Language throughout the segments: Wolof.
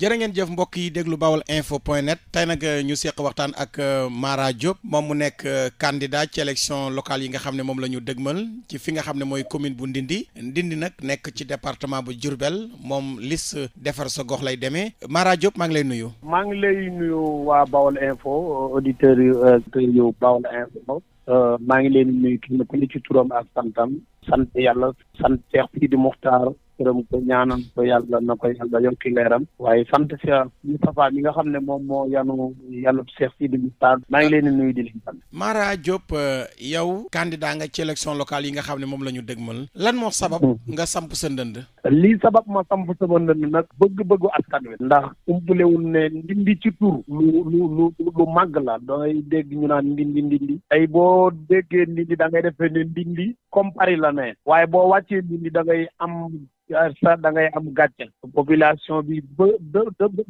jërë ngeen jëf mbokk yi déglu bawal info point net tey nag euh, ñu seq waxtaan ak euh, Mara Diop moom mu nekk euh, candidat ci élection locale yi nga xam ne moom la ñu dëgmal ci fi nga xam ne mooy commune bu Ndindi Ndindi nag nekk ci département bu Diourbel moom liste defar sa gox lay demee Mara Diop maa ngi lay nuyu. maa ngi lay nuyu waa bawal info auditeurs yu yu bawal info. maa ngi leen nuyu kii na ku ne ci turam ak santam sant yàlla sant Cheikh Sidi Mokhtar gërëm ko ñaanal ko yàlla na ko yàlla yokki leeram waaye sant Cheikh Moustapha mi nga xam ne moom moo yanu yanu Cheikh Sidi Moustapha maa ngi leen di nuyu di leen sant Mara Diop euh, yow candidat nga ci élection locale yi nga xam ne moom la ñu dëgmal lan moo sabab hmm. nga samp sa ndënd lii sabab ma samp sama ndënd nag bëgg-bëggu askan wi ndax umpalewul ne ndindi ci tur lu lu lu lu màgg la dangay dégg ñu naan ndindi ndindi ay boo déggee ndindi da ngay defee ne ndindi comme la ne waaye boo wàccee ça da ngay am gàcce population bi ba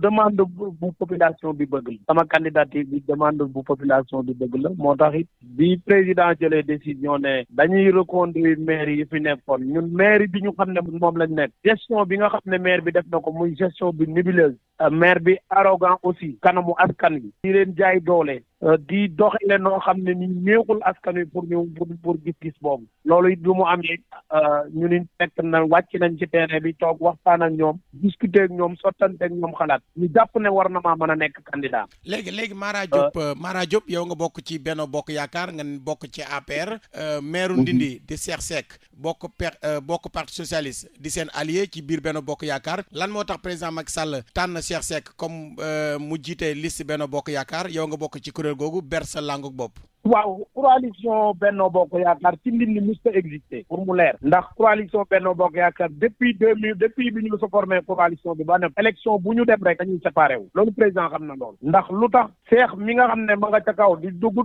demande bu population bi bëgg la sama candidature bi demande bu population bi bëgg la moo tax it bi président jëlee décision ne dañuy reconduire maire yi fi nekkoon ñun maire bi ñu xam ne moom lañ nekk gestion bi nga xam ne maire bi def na ko muy gestion bi nébuleuse Euh, maire bi arrogant aussi kanamu askan wi di leen jaay doole euh, di doxale noo xam ne ni néexul askan wi pour ñu pour gis-gis boobu loolu it du mu amee euh, ñu ni fekk na wàcc nañ ci terrain bi toog waxtaan ak ñoom discuter ak ñoom sottanteek ñoom xalaat ñu jàpp ne war na maa mën a nekk candidat léegi léegi Mara Diop Mara Diop yow nga bokk ci Benno Bokk Yaakaar nga bokk ci APR maire mhm. Ndindi di Cheikh Seck bokk per bokk parti socialiste di seen allié ci biir Benno Bokk Yaakaar lan moo tax président Macky Sall Cheikh Seck comme euh, mu jiite liste benn Bokk Yaakaar yow nga bokk ci kuréel googu beer sa làngu bopp. waaw coalition Benno Bokk Yaakaar ci nit ñi musta existé pour mu leer ndax coalition Benno Bokk Yaakaar depuis deux mille depuis bi ñu sa formé coalition bi ba ne élection bu ñu dem rek dañuy séparé wu loolu président xam na loolu ndax lu tax seex mi nga xam ne ma nga ca kaw di dugg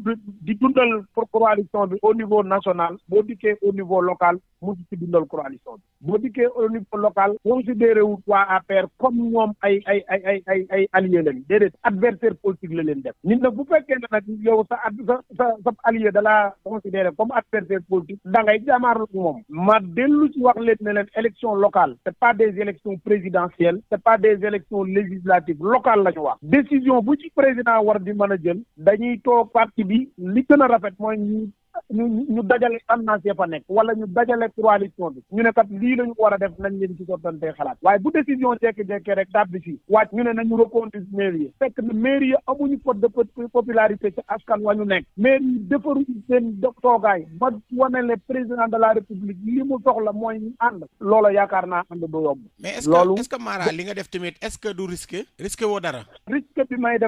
di dundal pour coalition bi au niveau national boo dikkee au niveau local musu ci dundal coalition bi boo dikkee au niveau local considéré wut waa APR comme ñoom ay ay ay ay ay ay allié lañ déedéet adversaire leen def nit nag bu fekkee ne nag yow sa sa sab allié dalaa considéré comme adversaire politique da ngay jàmmaarlu moom ma dellu ci wax leen ne leen élection locale c'est pas des élections présidentielles c'est pas des élections législatives locales la ñu wax décision bu ci président war di mën a jël dañuy toog parti bi li gën a rafet mooy ñu ñu ñu dajale tendance ya fa nekk wala ñu dajale coalition bi ñu ne lii la ñu a def nañ leen ci sottantee xalaat waaye bu décision jekki-jekki rek tàbbi fii wàcc ñu ne nañu reconduire mairie yi fekk na mairie yi amuñu code de popularité ci askan wa ñu nekk mairie yi defaruñu seen toogaay ba wane le président de la république li mu soxla mooy ñu ànd loola yaakaar naa ànd du yomb mais est-ce que est Mara li nga def tamit est-ce que du risqué risqué woo dara risque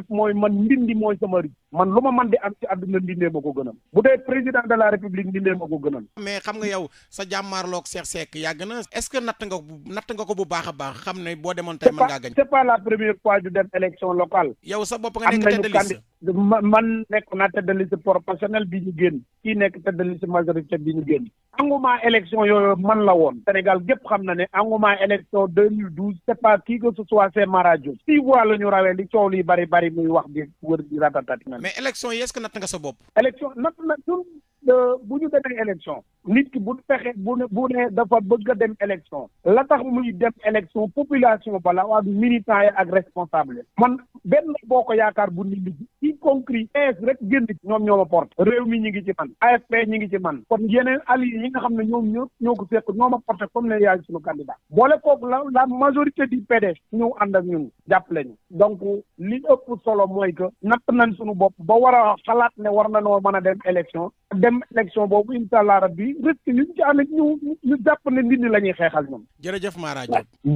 mooy man ndindi mooy sama risque ma man di am ci àdduna ndindee ma ko président de la république ni leen ma ko gënal. mais xam nga yow sa jàmmaarloog Cheikh Seck yàgg na est-ce natt nga natt nga ko bu baax a baax xam ne boo demoon tey mën ngaa gañ. c'est pas la première fois du dem élection locale. yow sa bopp nga nekk tête man nekk naa tête de liste proportionnel bi ñu génn kii nekk tête de majorité bi ñu génn engouement élection yooyu man la woon Sénégal gépp xam na ne engouement élection deux mille douze c'est pas qui que ce soit c'est Mara ñu rawee li coow li bari bari muy wax di wër di ratatati mais élection yi est-ce que natt nga sa bopp élection natt na bu ñu demee élection nit ki bu fexe bu ne bu ne dafa bëgg a dem élection la tax muy dem élection population bala waa militant yi ak responsable man benn boo ko yaakaar bu nit ñi compris ins rek génn ci ñoom ñoo ma porte réew mi ñi ngi ci man AFP ñi ngi ci man kon yeneen alliés yi nga xam ne ñoom ñëpp ñoo ko fekk ñoo ma porté comme ne yaay suñu candidat boole kooku la la majorité p PDS ñëw ànd ak ñun jàppale ñu donc li ëpp solo mooy que natt nañ suñu bopp ba war a xalaat ne war na noo mën a dem élection dem élection boobu incha allah rabbi risque ñu ci ànd ñu ñu jàpp ne nit ñi la ñuy xeexal ñoom jërëjëf Mara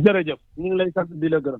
jërëjëf ñu ngi lay sant di la gërëm